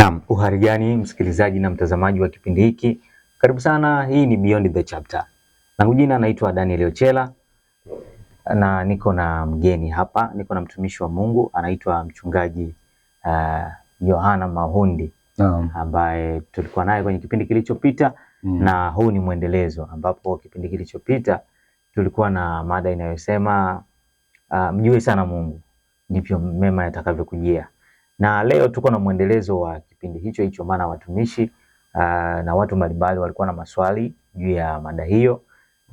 Naam, uhari gani msikilizaji na mtazamaji wa kipindi hiki, karibu sana. Hii ni Beyond the Chapter, langu jina naitwa Daniel Ochela na niko na mgeni hapa, niko na mtumishi wa Mungu anaitwa mchungaji uh, Mahundi um, ambaye tulikuwa naye kwenye kipindi kilichopita mm. na huu ni mwendelezo ambapo kipindi kilichopita tulikuwa na mada inayosema uh, mjue sana Mungu ndivyo mema yatakavyokujia na leo tuko na mwendelezo wa kipindi hicho hicho, maana watumishi uh, na watu mbalimbali walikuwa na maswali juu ya mada hiyo,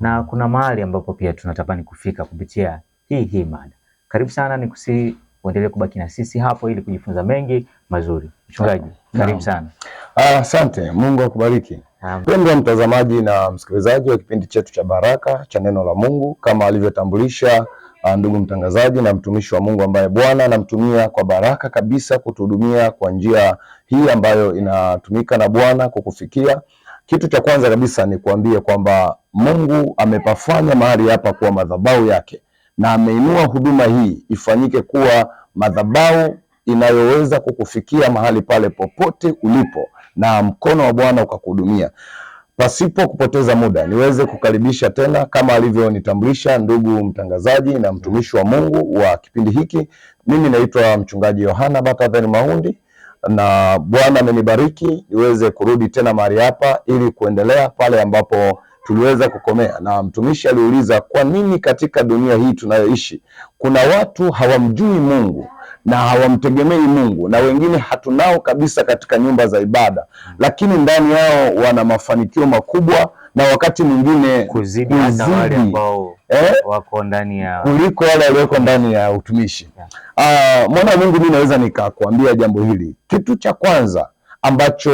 na kuna mahali ambapo pia tunatamani kufika kupitia hii hii mada. Karibu sana, nikusihi uendelee kubaki na sisi hapo ili kujifunza mengi mazuri. Mchungaji, karibu sana. Asante, Mungu akubariki. pendwa mtazamaji na msikilizaji wa kipindi chetu cha Baraka cha Neno la Mungu, kama alivyotambulisha Ah, ndugu mtangazaji na mtumishi wa Mungu ambaye Bwana anamtumia kwa baraka kabisa kutuhudumia kwa njia hii ambayo inatumika na Bwana kukufikia. Kitu cha kwanza kabisa ni kuambia kwamba Mungu amepafanya mahali hapa kuwa madhabahu yake na ameinua huduma hii ifanyike kuwa madhabahu inayoweza kukufikia mahali pale popote ulipo na mkono wa Bwana ukakuhudumia. Pasipo kupoteza muda niweze kukaribisha tena kama alivyonitambulisha ndugu mtangazaji na mtumishi wa Mungu wa kipindi hiki. Mimi naitwa mchungaji Yohana Bataven Mahundi, na Bwana amenibariki niweze kurudi tena mahali hapa ili kuendelea pale ambapo tuliweza kukomea. Na mtumishi aliuliza kwa nini katika dunia hii tunayoishi kuna watu hawamjui Mungu na hawamtegemei Mungu, na wengine hatunao kabisa katika nyumba za ibada, lakini ndani yao wana mafanikio makubwa na wakati mwingine kuzidi wale ambao eh, wako ndani ya kuliko wale walioko ndani ya utumishi yeah. Uh, mwana wa Mungu, mimi naweza nikakwambia jambo hili. Kitu cha kwanza ambacho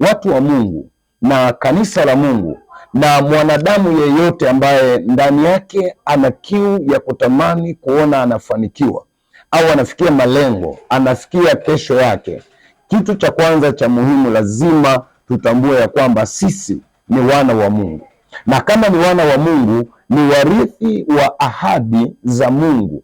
watu wa Mungu na kanisa la Mungu na mwanadamu yeyote ambaye ndani yake ana kiu ya kutamani kuona anafanikiwa au anafikia malengo, anafikia kesho yake, kitu cha kwanza cha muhimu lazima tutambue ya kwamba sisi ni wana wa Mungu, na kama ni wana wa Mungu ni warithi wa ahadi za Mungu.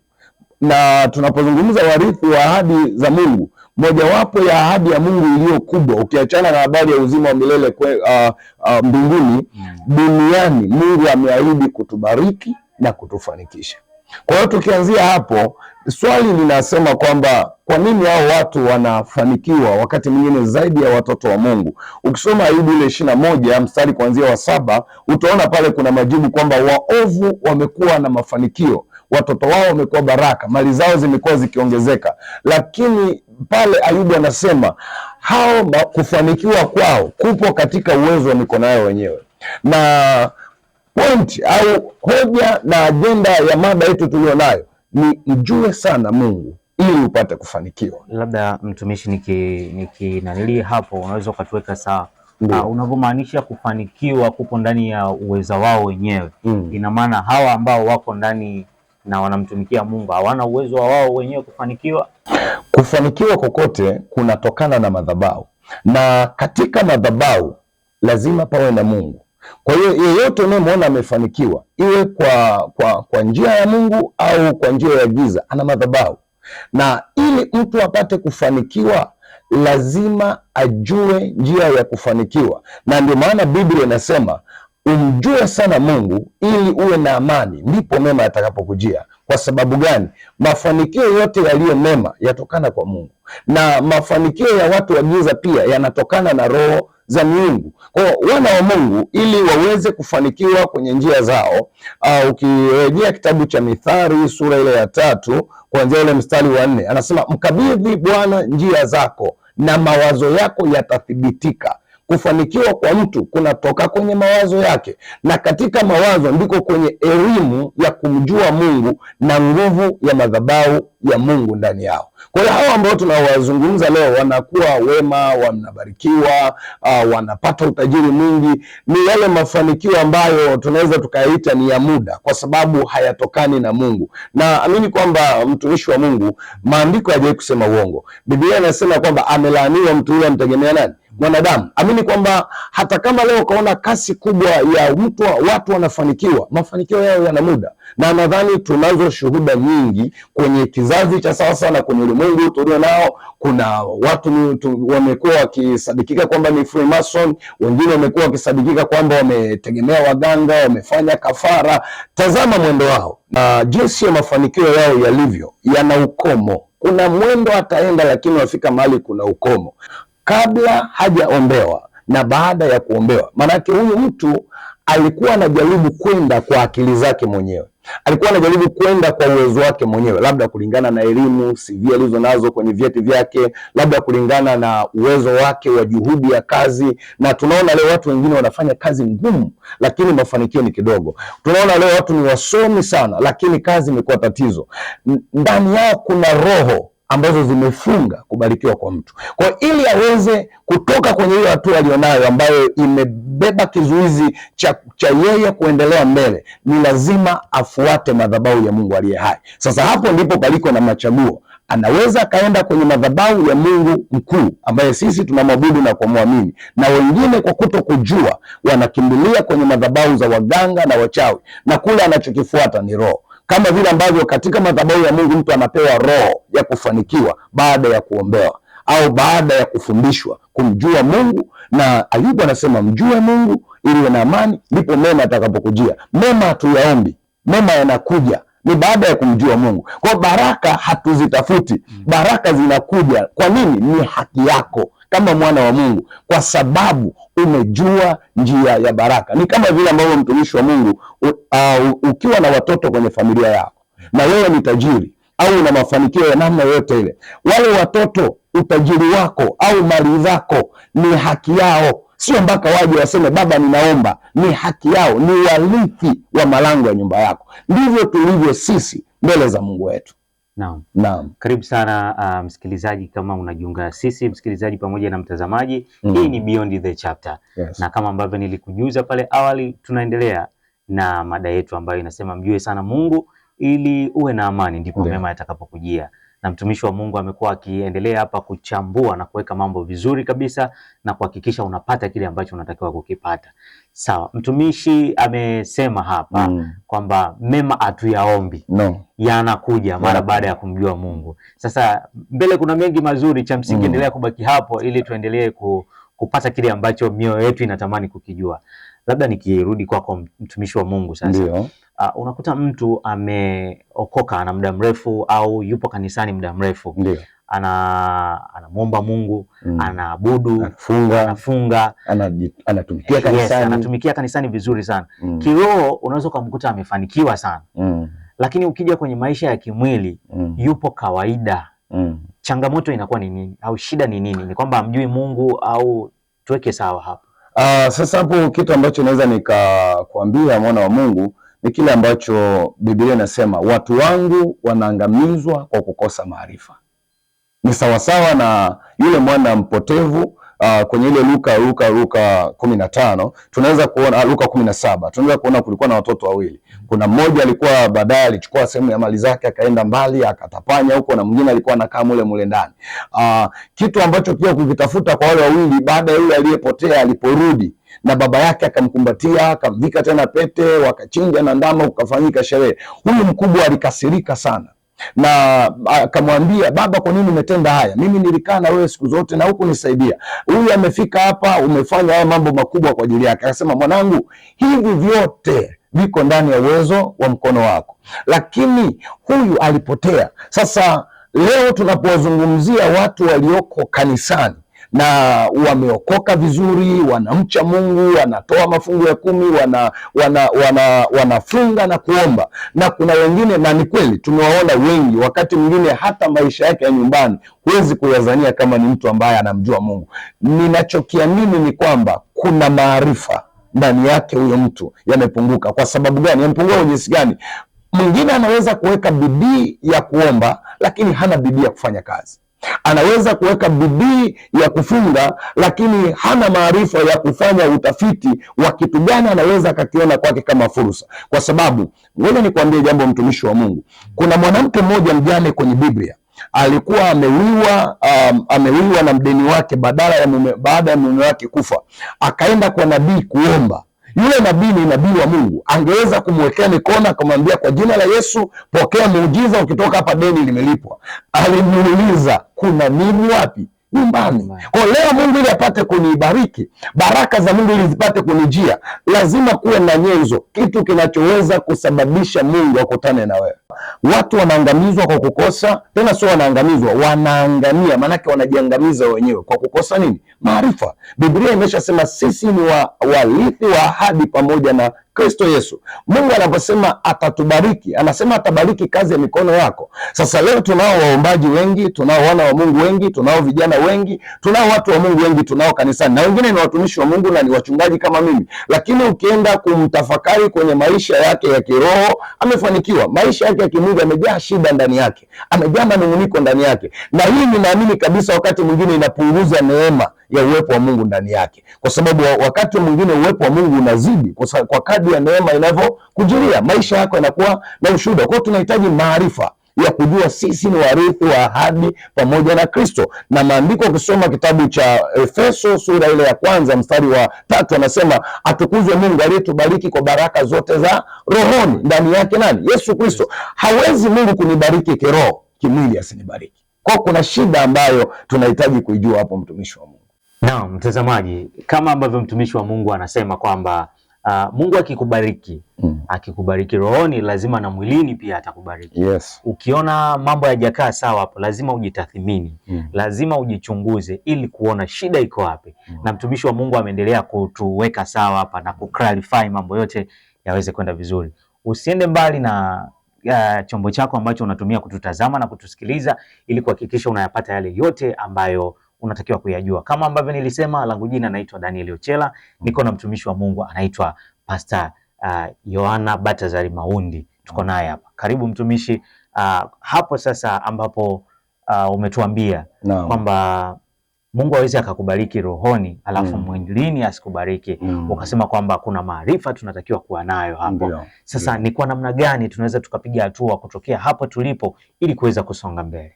Na tunapozungumza warithi wa ahadi za Mungu, mojawapo ya ahadi ya Mungu iliyo kubwa, ukiachana na habari ya uzima wa milele mbinguni, uh, uh, mm. duniani Mungu ameahidi kutubariki na kutufanikisha. Kwa hiyo tukianzia hapo, swali linasema kwamba kwa nini hao watu wanafanikiwa wakati mwingine zaidi ya watoto wa Mungu? Ukisoma Ayubu ile ishirini na moja mstari kuanzia wa saba utaona pale kuna majibu kwamba waovu wamekuwa na mafanikio watoto wao wamekuwa baraka, mali zao zimekuwa zikiongezeka. Lakini pale Ayubu anasema hao kufanikiwa kwao kupo katika uwezo wa mikono yao wenyewe. Na point au hoja na ajenda ya mada yetu tulionayo ni mjue sana Mungu ili upate kufanikiwa. Labda mtumishi, nikinanilii niki, hapo unaweza ukatuweka saa Uh, unavyomaanisha kufanikiwa kupo ndani ya uweza wao wenyewe mm. Ina maana hawa ambao wako ndani na wanamtumikia Mungu, hawana uwezo wa wao wenyewe kufanikiwa. Kufanikiwa kokote kunatokana na madhabahu, na katika madhabahu lazima pawe na Mungu. Kwa hiyo yeyote unayemwona amefanikiwa, iwe kwa, kwa, kwa njia ya Mungu au kwa njia ya giza, ana madhabahu. Na ili mtu apate kufanikiwa lazima ajue njia ya kufanikiwa, na ndio maana Biblia inasema umjue sana Mungu ili uwe na amani, ndipo mema yatakapokujia. Kwa sababu gani? Mafanikio yote yaliyo mema yatokana kwa Mungu, na mafanikio ya watu wa giza pia yanatokana na roho za miungu. Kwa wana wa Mungu ili waweze kufanikiwa kwenye njia zao, uh, ukirejea kitabu cha Mithali sura ile ya tatu kuanzia ile mstari wa nne anasema mkabidhi Bwana njia zako na mawazo yako yatathibitika. Kufanikiwa kwa mtu kunatoka kwenye mawazo yake, na katika mawazo ndiko kwenye elimu ya kumjua Mungu na nguvu ya madhabahu ya Mungu ndani yao. Kwa hiyo hao ambao tunawazungumza leo wanakuwa wema, wanabarikiwa, uh, wanapata utajiri mwingi, ni yale mafanikio ambayo tunaweza tukayaita ni ya muda, kwa sababu hayatokani na Mungu. Na amini kwamba mtumishi wa Mungu, maandiko hajawahi kusema uongo. Biblia inasema kwamba amelaaniwa mtu yule amtegemea nani? mwanadamu. Amini kwamba hata kama leo ukaona kasi kubwa ya mtu, watu wanafanikiwa, mafanikio yao yana muda, na nadhani tunazo shuhuda nyingi kwenye kizazi cha sasa na kwenye ulimwengu tulio nao. Kuna watu wamekuwa wakisadikika kwamba ni Freemason, wengine wamekuwa wakisadikika kwamba wametegemea waganga, wamefanya kafara. Tazama mwendo wao na jinsi ya mafanikio yao yalivyo, yana ukomo. Kuna mwendo ataenda, lakini wafika mahali kuna ukomo kabla hajaombewa na baada ya kuombewa. Maanake huyu mtu alikuwa anajaribu kwenda kwa akili zake mwenyewe, alikuwa anajaribu kwenda kwa uwezo wake mwenyewe, labda kulingana na elimu CV alizo nazo kwenye vyeti vyake, labda kulingana na uwezo wake wa juhudi ya kazi. Na tunaona leo watu wengine wanafanya kazi ngumu, lakini mafanikio ni kidogo. Tunaona leo watu ni wasomi sana, lakini kazi imekuwa tatizo. Ndani yao kuna roho ambazo zimefunga kubarikiwa kwa mtu. Kwa hiyo ili aweze kutoka kwenye hiyo hatua aliyonayo ambayo imebeba kizuizi cha, cha yeye kuendelea mbele, ni lazima afuate madhabahu ya Mungu aliye hai. Sasa hapo ndipo paliko na machaguo. Anaweza akaenda kwenye madhabahu ya Mungu mkuu ambaye sisi tunamwabudu na kumwamini, na wengine kwa kuto kujua wanakimbilia kwenye madhabahu za waganga na wachawi, na kule anachokifuata ni roho kama vile ambavyo katika madhabahu ya Mungu mtu anapewa roho ya kufanikiwa baada ya kuombewa au baada ya kufundishwa kumjua Mungu. Na Ayubu anasema mjue Mungu ili uwe na amani, ndipo mema atakapokujia. Mema hatuyaombi, mema yanakuja ni baada ya kumjua Mungu. Kwa baraka hatuzitafuti, baraka zinakuja. Kwa nini? Ni haki yako kama mwana wa Mungu, kwa sababu umejua njia ya baraka. Ni kama vile ambavyo mtumishi wa Mungu u, uh, ukiwa na watoto kwenye familia yako na wewe ni tajiri au una mafanikio ya namna yoyote ile, wale watoto utajiri wako au mali zako ni haki yao, sio mpaka waje waseme baba, ninaomba. Ni haki yao, ni warithi wa malango ya nyumba yako. Ndivyo tulivyo sisi mbele za Mungu wetu. Naam. Naam. Karibu sana uh, msikilizaji, kama unajiunga sisi, msikilizaji pamoja na mtazamaji mm. Hii ni Beyond the Chapter yes. Na kama ambavyo nilikujuza pale awali, tunaendelea na mada yetu ambayo inasema mjue sana Mungu ili uwe na amani, ndipo mema yatakapokujia na mtumishi wa Mungu amekuwa akiendelea hapa kuchambua na kuweka mambo vizuri kabisa na kuhakikisha unapata kile ambacho unatakiwa kukipata. Sawa, mtumishi amesema hapa mm. kwamba mema hatuyaombi no. yanakuja mara baada ya kumjua Mungu. Sasa mbele kuna mengi mazuri, cha msingi mm. endelea kubaki hapo ili tuendelee ku, kupata kile ambacho mioyo yetu inatamani kukijua. Labda nikirudi kwako mtumishi wa Mungu sasa Ndiyo uh, unakuta mtu ameokoka na muda mrefu au yupo kanisani muda mrefu ana anamwomba Mungu mm. anaabudu, anafunga, anafunga anatumikia kanisani. Yes, anatumikia kanisani vizuri sana mm. kiroho unaweza ukamkuta amefanikiwa sana mm. lakini ukija kwenye maisha ya kimwili mm. yupo kawaida mm. changamoto inakuwa ni nini au shida ni nini? Ni kwamba amjui Mungu au tuweke sawa hapo? Uh, sasa hapo kitu ambacho naweza nikakwambia mwana wa Mungu ni kile ambacho Biblia inasema watu wangu wanaangamizwa kwa kukosa maarifa. Ni sawasawa na yule mwana mpotevu uh, kwenye ile Luka Luka Luka kumi na tano tunaweza kuona ah, Luka kumi na saba tunaweza kuona kulikuwa na watoto wawili. Kuna mmoja alikuwa baadaye alichukua sehemu ya mali zake akaenda mbali akatapanya huko, na mwingine alikuwa anakaa mule mule ndani. Uh, kitu ambacho pia kukitafuta kwa wale wawili baada ya yule aliyepotea aliporudi na baba yake akamkumbatia, akamvika tena pete, wakachinja na ndama, ukafanyika sherehe. Huyu mkubwa alikasirika sana na akamwambia baba, kwa nini umetenda haya? Mimi nilikaa na wewe siku zote na huku nisaidia Huyu amefika hapa, umefanya haya mambo makubwa kwa ajili yake. Akasema, mwanangu, hivi vyote viko ndani ya uwezo wa mkono wako, lakini huyu alipotea. Sasa leo tunapowazungumzia watu walioko kanisani na wameokoka vizuri, wanamcha Mungu, wanatoa mafungu ya kumi, wana, wana, wana, wanafunga na kuomba. Na kuna wengine, na ni kweli tumewaona wengi, wakati mwingine hata maisha yake ya nyumbani huwezi kuyazania kama ni mtu ambaye anamjua Mungu. Ninachokiamini ni kwamba kuna maarifa ndani yake huyo mtu yamepunguka. Kwa sababu gani? Yamepungua kwa jinsi gani? Mwingine anaweza kuweka bidii ya kuomba, lakini hana bidii ya kufanya kazi. Anaweza kuweka bidii ya kufunga, lakini hana maarifa ya kufanya utafiti wa kitu gani anaweza akakiona kwake kama fursa. Kwa sababu ngoja nikuambie jambo, mtumishi wa Mungu, kuna mwanamke mmoja mjane kwenye Biblia alikuwa amewiwa um, amewiwa na mdeni wake badala ya mume, baada ya mume wake kufa, akaenda kwa nabii kuomba yule nabii ni nabii wa Mungu, angeweza kumwekea mikono akamwambia, kwa jina la Yesu pokea muujiza, ukitoka hapa deni limelipwa. Alimuuliza kuna nini? Wapi? nyumbani. Kwa leo Mungu ili apate kunibariki, baraka za Mungu ili zipate kunijia, lazima kuwe na nyenzo, kitu kinachoweza kusababisha Mungu akutane na wewe. Watu wanaangamizwa kwa kukosa, tena sio wanaangamizwa, wanaangamia, maanake wanajiangamiza wenyewe kwa kukosa nini? Maarifa. Biblia imeshasema sisi ni warithi wa ahadi pamoja na Kristo Yesu. Mungu anaposema atatubariki, anasema atabariki kazi ya mikono yako. Sasa leo tunao waombaji wengi, tunao wana wa Mungu wengi, tunao vijana wengi, tunao watu wa Mungu wengi, tunao kanisani na wengine ni watumishi wa Mungu na ni wachungaji kama mimi, lakini ukienda kumtafakari kwenye maisha yake ya kiroho, amefanikiwa. Maisha yake ya kimungu amejaa shida ndani yake, amejaa manunguniko ndani yake, na hii ninaamini kabisa wakati mwingine inapunguza neema ya uwepo wa Mungu ndani yake, kwa sababu wakati mwingine uwepo wa Mungu unazidi kwa kadri kadri ya neema inavyokujilia maisha yako yanakuwa na ushuhuda. Kwa hiyo tunahitaji maarifa ya kujua sisi ni warithi wa ahadi pamoja na Kristo. Na maandiko ukisoma kitabu cha Efeso sura ile ya kwanza mstari wa tatu anasema atukuzwe Mungu aliyetubariki kwa baraka zote za rohoni ndani yake nani? Yesu Kristo. Hawezi Mungu kunibariki kiroho, kimwili asinibariki. Kwa kuna shida ambayo tunahitaji kuijua hapo, mtumishi wa Mungu. Naam, mtazamaji, kama ambavyo mtumishi wa Mungu anasema kwamba Uh, Mungu akikubariki mm. akikubariki rohoni lazima na mwilini pia atakubariki. Yes. Ukiona mambo yajakaa sawa hapo lazima ujitathmini mm. lazima ujichunguze ili kuona shida iko wapi mm. na mtumishi wa Mungu ameendelea kutuweka sawa hapa na kuclarify mambo yote yaweze kwenda vizuri. Usiende mbali na uh, chombo chako ambacho unatumia kututazama na kutusikiliza ili kuhakikisha unayapata yale yote ambayo unatakiwa kuyajua. Kama ambavyo nilisema, langu jina naitwa Daniel Ochela, niko na mtumishi wa Mungu anaitwa Pastor uh, Yohana uh, Batazari Maundi, tuko naye hapa. Karibu mtumishi uh, hapo sasa ambapo uh, umetuambia no. kwamba Mungu aweze akakubariki rohoni alafu mm. mwilini asikubariki mm. Ukasema kwamba kuna maarifa tunatakiwa kuwa nayo hapo Mbio. Sasa Mbio. ni kwa namna gani tunaweza tukapiga hatua kutokea hapo tulipo ili kuweza kusonga mbele?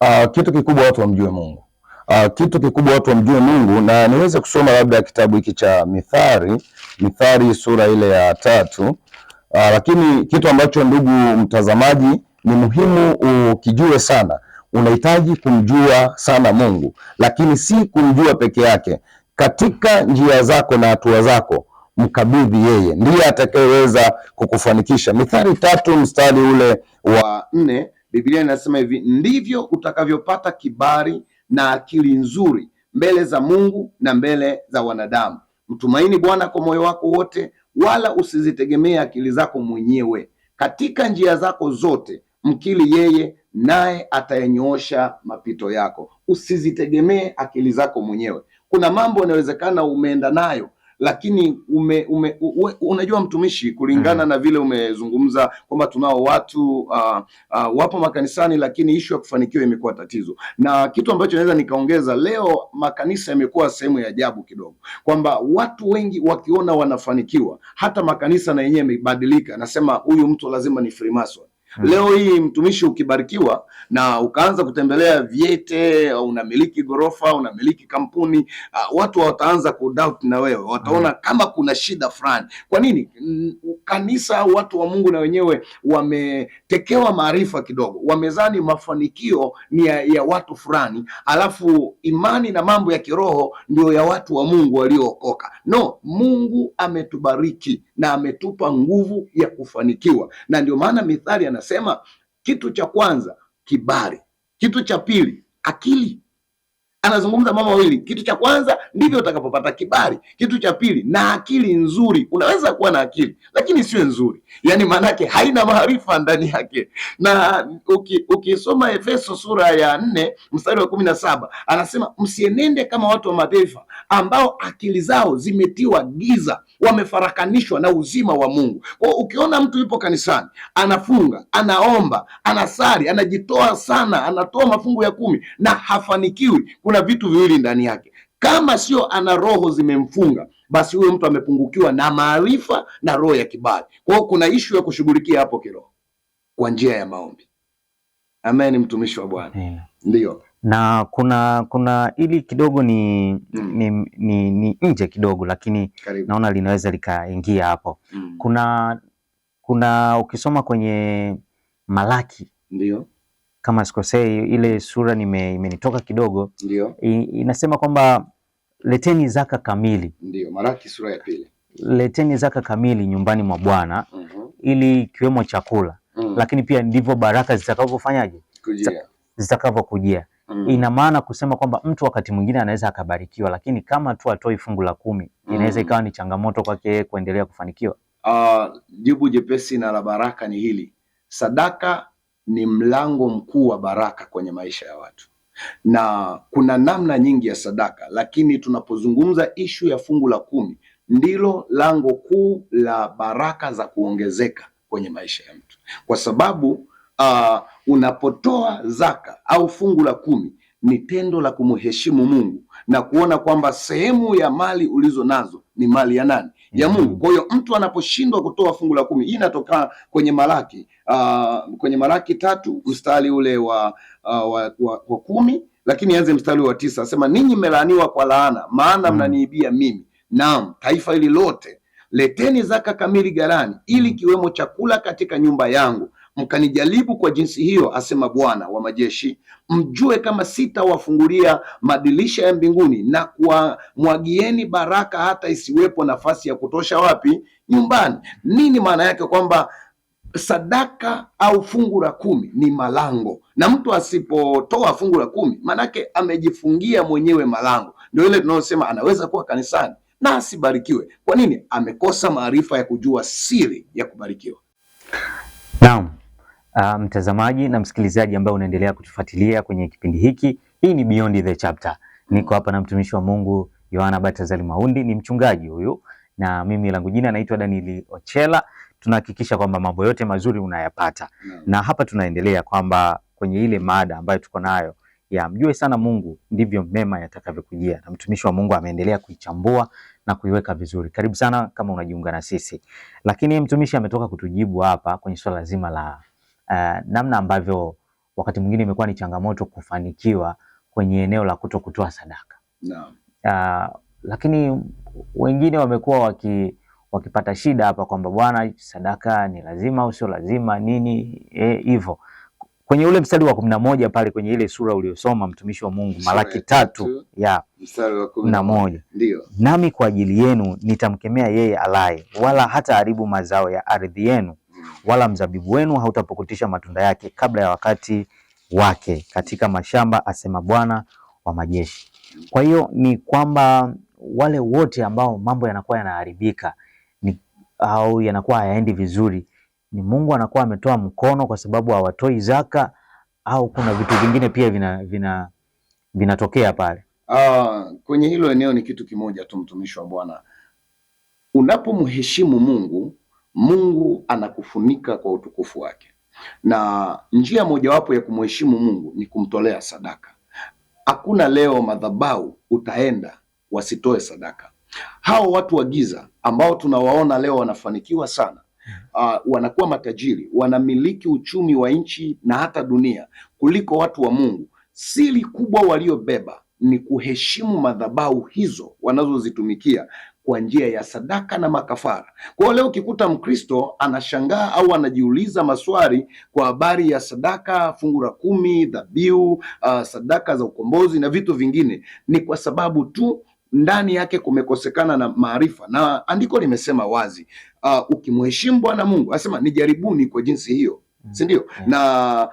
Uh, kitu kikubwa watu wamjue Mungu Uh, kitu kikubwa watu wamjue Mungu na niweze kusoma labda kitabu hiki cha Mithali, Mithali sura ile ya tatu. Uh, lakini kitu ambacho ndugu mtazamaji ni muhimu ukijue sana, unahitaji kumjua sana Mungu, lakini si kumjua peke yake. Katika njia zako na hatua zako mkabidhi yeye, ndiye atakayeweza kukufanikisha. Mithali tatu mstari ule wa nne Biblia inasema hivi, ndivyo utakavyopata kibali na akili nzuri mbele za Mungu na mbele za wanadamu. Mtumaini Bwana kwa moyo wako wote, wala usizitegemee akili zako mwenyewe. Katika njia zako zote mkili yeye, naye atayanyoosha mapito yako. Usizitegemee akili zako mwenyewe. Kuna mambo yanawezekana umeenda nayo lakini ume, ume, ume, unajua mtumishi, kulingana hmm. na vile umezungumza kwamba tunao watu uh, uh, wapo makanisani, lakini ishu ya kufanikiwa imekuwa tatizo, na kitu ambacho naweza nikaongeza leo, makanisa yamekuwa sehemu ya ajabu kidogo, kwamba watu wengi wakiona wanafanikiwa, hata makanisa na yenyewe yamebadilika, nasema huyu mtu lazima ni Freemason Hmm. Leo hii mtumishi, ukibarikiwa na ukaanza kutembelea vyete, unamiliki ghorofa, unamiliki kampuni, uh, watu wataanza doubt na wewe, wataona hmm, kama kuna shida fulani. Kwa nini? Mm, kanisa, watu wa Mungu na wenyewe wametekewa maarifa kidogo, wamezani mafanikio ni ya, ya watu fulani, alafu imani na mambo ya kiroho ndio ya watu wa Mungu waliookoka. No, Mungu ametubariki na ametupa nguvu ya kufanikiwa. Na ndio maana mithali anasema kitu cha kwanza kibali, kitu cha pili akili anazungumza mama wawili. Kitu cha kwanza ndivyo utakapopata kibali. Kitu cha pili, na akili nzuri. Unaweza kuwa na akili lakini sio nzuri, yaani maanake haina maarifa ndani yake. Na ukisoma uki Efeso sura ya nne mstari wa kumi na saba anasema msienende kama watu wa mataifa ambao akili zao zimetiwa giza, wamefarakanishwa na uzima wa Mungu. Kwa ukiona mtu yupo kanisani anafunga, anaomba, anasali, anajitoa sana, anatoa mafungu ya kumi na hafanikiwi, kuna kuna vitu viwili ndani yake. Kama sio ana roho zimemfunga, basi huyo mtu amepungukiwa na maarifa na roho ya kibali. Kwa hiyo kuna ishu ya kushughulikia hapo kiroho kwa njia ya maombi. Ambaye ni mtumishi wa Bwana ndio na kuna kuna ili kidogo ni, mm. ni, ni, ni nje kidogo lakini Karibu. naona linaweza likaingia hapo mm. kuna kuna ukisoma kwenye Malaki ndio kama sikosei, ile sura nime, imenitoka kidogo. Ndio. I, inasema kwamba leteni zaka kamili. Ndio, Malaki sura ya pili. Leteni zaka kamili nyumbani mwa Bwana mm -hmm. ili ikiwemo chakula mm. lakini pia ndivyo baraka zitakavyofanyaje zitakavyokujia. Mm. Ina maana kusema kwamba mtu wakati mwingine anaweza akabarikiwa, lakini kama tu atoi fungu la kumi mm. inaweza ikawa ni changamoto kwake kuendelea kufanikiwa. Uh, jibu jepesi na la baraka ni hili: sadaka ni mlango mkuu wa baraka kwenye maisha ya watu, na kuna namna nyingi ya sadaka, lakini tunapozungumza ishu ya fungu la kumi ndilo lango kuu la baraka za kuongezeka kwenye maisha ya mtu, kwa sababu uh, unapotoa zaka au fungu la kumi ni tendo la kumheshimu Mungu na kuona kwamba sehemu ya mali ulizo nazo ni mali ya nani? ya Mungu. Kwa hiyo mtu anaposhindwa kutoa fungu la kumi, hii inatoka kwenye Malaki uh, kwenye Malaki tatu mstari ule wa, uh, wa, wa, wa kumi, lakini anze mstari wa tisa asema, ninyi mmelaaniwa kwa laana, maana mm. mnaniibia mimi, naam taifa hili lote. Leteni zaka kamili ghalani, ili mm. kiwemo chakula katika nyumba yangu, mkanijaribu kwa jinsi hiyo, asema Bwana wa majeshi, mjue kama sitawafungulia madirisha ya mbinguni na kuwamwagieni baraka hata isiwepo nafasi ya kutosha. Wapi? Nyumbani. Nini maana yake? Kwamba sadaka au fungu la kumi ni malango, na mtu asipotoa fungu la kumi maanake amejifungia mwenyewe malango. Ndio ile tunayosema anaweza kuwa kanisani na asibarikiwe. Kwa nini? Amekosa maarifa ya kujua siri ya kubarikiwa. Naam. Ah, mtazamaji um, na msikilizaji ambaye unaendelea kutufuatilia kwenye kipindi hiki. Hii ni Beyond the Chapter. Niko hapa na mtumishi wa Mungu Yohana Batazali Maundi, ni mchungaji huyu, na mimi langu jina naitwa Daniel Ochela. Tunahakikisha kwamba mambo yote mazuri unayapata no. na hapa tunaendelea kwamba kwenye ile mada ambayo tuko nayo ya mjue sana Mungu ndivyo mema yatakavyokujia, na mtumishi wa Mungu ameendelea kuichambua na kuiweka vizuri. Karibu sana kama unajiunga na sisi, lakini mtumishi ametoka kutujibu hapa kwenye swala zima la uh, namna ambavyo wakati mwingine imekuwa ni changamoto kufanikiwa kwenye eneo la kuto kutoa sadaka no. Uh, eh, lakini wengine wamekuwa waki, wakipata shida hapa kwamba bwana, sadaka ni lazima au sio lazima nini eh, hivyo e, kwenye ule mstari wa kumi na moja pale kwenye ile sura uliyosoma mtumishi wa Mungu, Malaki tatu ya mstari wa kumi na moja ndio nami kwa ajili yenu nitamkemea yeye alaye, wala hata haribu mazao ya ardhi yenu wala mzabibu wenu hautapukutisha matunda yake kabla ya wakati wake katika mashamba, asema Bwana wa majeshi. Kwa hiyo ni kwamba wale wote ambao mambo yanakuwa yanaharibika ni au yanakuwa hayaendi vizuri, ni Mungu anakuwa ametoa mkono, kwa sababu hawatoi zaka au kuna vitu vingine pia vina vina vinatokea pale. Ah, kwenye hilo eneo ni kitu kimoja tu, mtumishi wa Bwana, unapomheshimu Mungu Mungu anakufunika kwa utukufu wake, na njia mojawapo ya kumheshimu Mungu ni kumtolea sadaka. Hakuna leo madhabahu utaenda wasitoe sadaka. Hao watu wa giza ambao tunawaona leo wanafanikiwa sana, uh, wanakuwa matajiri, wanamiliki uchumi wa nchi na hata dunia kuliko watu wa Mungu. Siri kubwa waliobeba ni kuheshimu madhabahu hizo wanazozitumikia kwa njia ya sadaka na makafara. Kwa leo ukikuta Mkristo anashangaa au anajiuliza maswali kwa habari ya sadaka, fungu la kumi, dhabihu, uh, sadaka za ukombozi na vitu vingine, ni kwa sababu tu ndani yake kumekosekana na maarifa, na andiko limesema wazi uh, ukimheshimu Bwana Mungu asema jaribuni kwa jinsi hiyo, mm, si ndio? mm na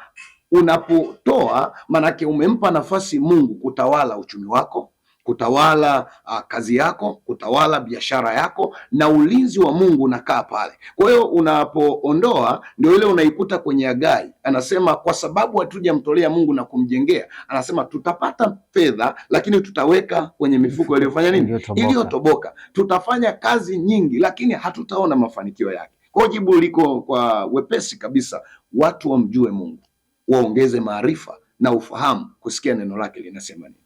unapotoa manake umempa nafasi Mungu kutawala uchumi wako kutawala uh, kazi yako, kutawala biashara yako, na ulinzi wa Mungu unakaa pale. Kwa hiyo unapoondoa, ndio ile unaikuta kwenye agai anasema kwa sababu hatujamtolea Mungu na kumjengea, anasema tutapata fedha, lakini tutaweka kwenye mifuko iliyofanya nini, iliyotoboka. Tutafanya kazi nyingi, lakini hatutaona mafanikio yake. Kwa jibu liko kwa wepesi kabisa, watu wamjue Mungu, waongeze maarifa na ufahamu kusikia neno lake linasema nini.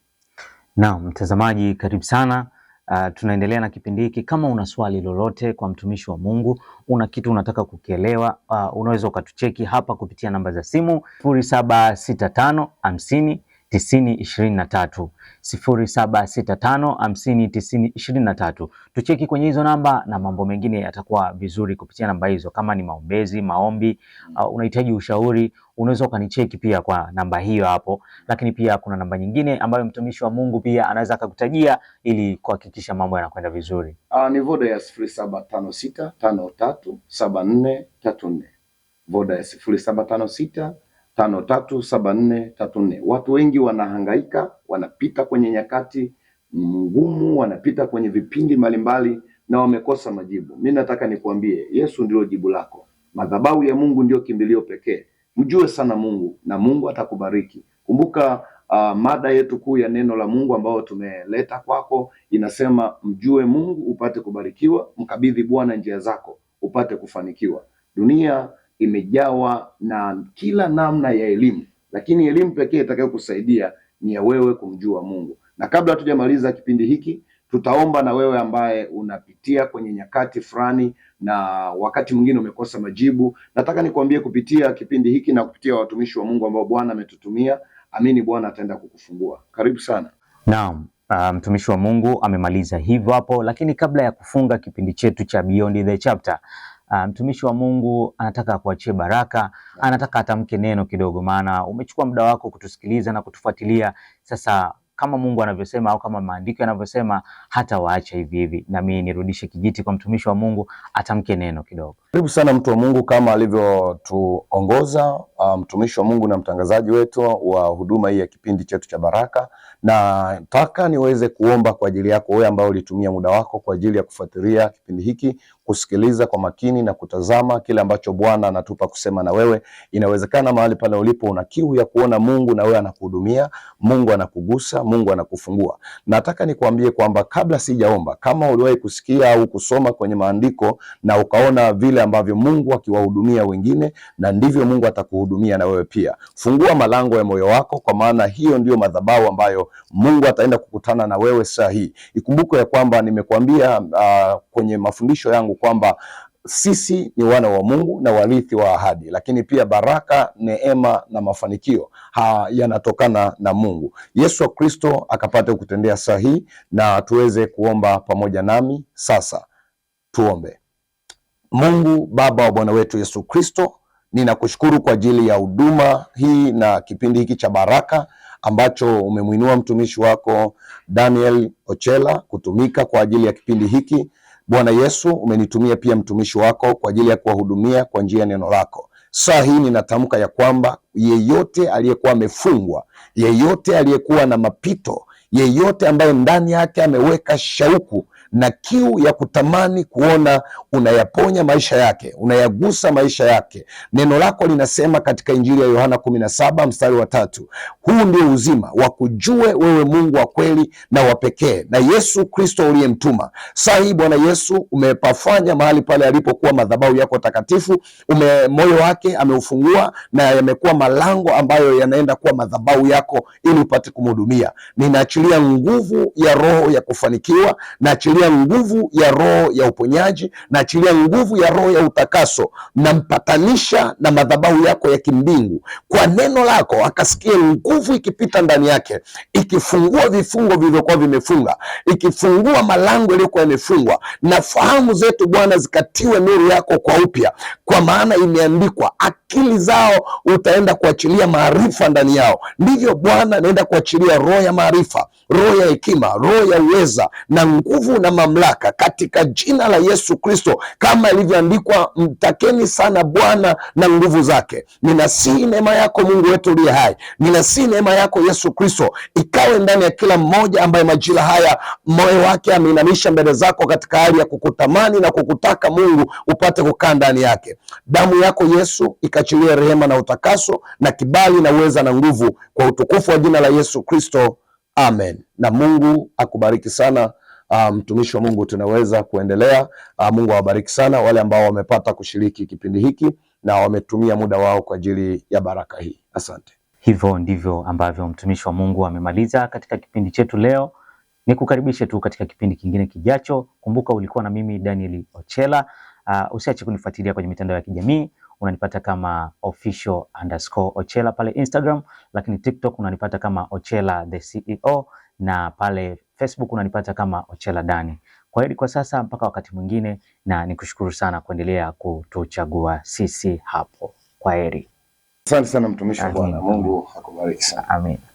Na mtazamaji, karibu sana. Uh, tunaendelea na kipindi hiki. Kama una swali lolote kwa mtumishi wa Mungu, una kitu unataka kukielewa, uh, unaweza ukatucheki hapa kupitia namba za simu 0765 hamsini 9023 0765 Tucheki kwenye hizo namba na mambo mengine yatakuwa vizuri kupitia namba hizo. Kama ni maombezi, maombi, uh, unahitaji ushauri, unaweza ukanicheki pia kwa namba hiyo hapo, lakini pia kuna namba nyingine ambayo mtumishi wa Mungu pia anaweza akakutajia ili kuhakikisha mambo yanakwenda vizuri. Uh, ni voda ya 0756537434 voda ya 0756 tano tatu saba nne tatu nne. Watu wengi wanahangaika, wanapita kwenye nyakati ngumu, wanapita kwenye vipindi mbalimbali na wamekosa majibu. Mi nataka nikuambie, Yesu ndilo jibu lako. Madhabahu ya Mungu ndio kimbilio pekee. Mjue sana Mungu na Mungu atakubariki. Kumbuka uh, mada yetu kuu ya neno la Mungu ambayo tumeleta kwako inasema, mjue Mungu upate kubarikiwa, mkabidhi Bwana njia zako upate kufanikiwa. Dunia imejawa na kila namna ya elimu, lakini elimu pekee itakayokusaidia ni ya wewe kumjua Mungu. Na kabla hatujamaliza kipindi hiki, tutaomba na wewe ambaye unapitia kwenye nyakati fulani na wakati mwingine umekosa majibu. Nataka nikuambie kupitia kipindi hiki na kupitia watumishi wa Mungu ambao Bwana ametutumia, amini Bwana ataenda kukufungua. Karibu sana. Naam. Uh, mtumishi wa Mungu amemaliza hivyo hapo, lakini kabla ya kufunga kipindi chetu cha Beyond the Chapter Ah, mtumishi um, wa Mungu anataka akuachie baraka, anataka atamke neno kidogo, maana umechukua muda wako kutusikiliza na kutufuatilia. Sasa kama Mungu anavyosema au kama maandiko yanavyosema, hata waacha hivi hivi, na mimi nirudishe kijiti kwa mtumishi wa Mungu atamke neno kidogo. Karibu sana mtu wa Mungu, kama alivyotuongoza ah, mtumishi um, wa Mungu na mtangazaji wetu wa huduma hii ya kipindi chetu cha Baraka. Nataka niweze kuomba kwa ajili yako wewe ambao ulitumia muda wako kwa ajili ya kufuatilia kipindi hiki, kusikiliza kwa makini na kutazama kile ambacho Bwana anatupa kusema na wewe. Inawezekana mahali pale ulipo una kiu ya kuona Mungu na wewe anakuhudumia, Mungu anakugusa, Mungu anakufungua. Nataka nikuambie kwamba kabla sijaomba, kama uliwahi kusikia au kusoma kwenye maandiko na ukaona vile ambavyo Mungu akiwahudumia wengine, na ndivyo Mungu atakuhudumia na wewe pia. Fungua malango ya moyo wako, kwa maana hiyo ndiyo madhabahu ambayo Mungu ataenda kukutana na wewe saa hii. Ikumbuke ya kwamba nimekuambia uh, kwenye mafundisho yangu kwamba sisi ni wana wa Mungu na warithi wa ahadi, lakini pia baraka, neema na mafanikio yanatokana na Mungu. Yesu Kristo akapate kutendea saa hii, na tuweze kuomba pamoja nami sasa. Tuombe. Mungu Baba wa Bwana wetu Yesu Kristo, ninakushukuru kwa ajili ya huduma hii na kipindi hiki cha baraka ambacho umemwinua mtumishi wako Daniel Ochela kutumika kwa ajili ya kipindi hiki. Bwana Yesu, umenitumia pia mtumishi wako kwa ajili ya kuwahudumia kwa njia ya neno lako. Saa hii ninatamka ya kwamba yeyote aliyekuwa amefungwa, yeyote aliyekuwa na mapito, yeyote ambaye ndani yake ameweka shauku na kiu ya kutamani kuona unayaponya maisha yake, unayagusa maisha yake. Neno lako linasema katika Injili ya Yohana kumi na saba mstari wa tatu huu ndio uzima wakujue wewe Mungu wa kweli na wa pekee na Yesu Kristo uliyemtuma. Saa hii Bwana Yesu umepafanya mahali pale alipokuwa madhabahu yako takatifu, ume moyo wake ameufungua na yamekuwa malango ambayo yanaenda kuwa madhabahu yako ili upate kumhudumia. Ninaachilia nguvu ya roho ya kufanikiwa, naachilia achilia nguvu ya roho ya uponyaji na achilia nguvu ya roho ya utakaso, nampatanisha na madhabahu yako ya kimbingu kwa neno lako, akasikie nguvu ikipita ndani yake, ikifungua vifungo vilivyokuwa vimefunga, ikifungua malango yaliyokuwa yamefungwa, na fahamu zetu Bwana zikatiwe nuru yako kwa upya, kwa maana imeandikwa akili zao utaenda kuachilia maarifa ndani yao. Ndivyo Bwana anaenda kuachilia roho ya maarifa, roho ya hekima, roho ya uweza na nguvu na mamlaka katika jina la Yesu Kristo, kama ilivyoandikwa, mtakeni sana Bwana na nguvu zake. Ninasihi neema yako Mungu wetu uliye hai, ninasihi neema yako Yesu Kristo ikawe ndani ya kila mmoja ambaye majira haya moyo wake ameinamisha mbele zako katika hali ya kukutamani na kukutaka Mungu upate kukaa ndani yake. Damu yako Yesu ikachilie rehema na utakaso na kibali na uweza na nguvu, kwa utukufu wa jina la Yesu Kristo, amen. Na Mungu akubariki sana. Ah, mtumishi um, wa Mungu tunaweza kuendelea. Uh, Mungu awabariki sana wale ambao wamepata kushiriki kipindi hiki na wametumia muda wao kwa ajili ya baraka hii. Asante. Hivyo ndivyo ambavyo mtumishi wa Mungu amemaliza katika kipindi chetu leo. ni kukaribishe tu katika kipindi kingine kijacho. Kumbuka ulikuwa na mimi Daniel Ochela. Uh, usiache kunifuatilia kwenye mitandao ya kijamii unanipata kama official underscore Ochela pale Instagram, lakini TikTok unanipata kama Ochela the CEO na pale Facebook unanipata kama Ochela Dani. Kwa heri kwa sasa, mpaka wakati mwingine, na nikushukuru sana kuendelea kutuchagua sisi hapo. Kwa heri. Asante sana mtumishi wa Bwana. Mungu akubariki sana. Amina.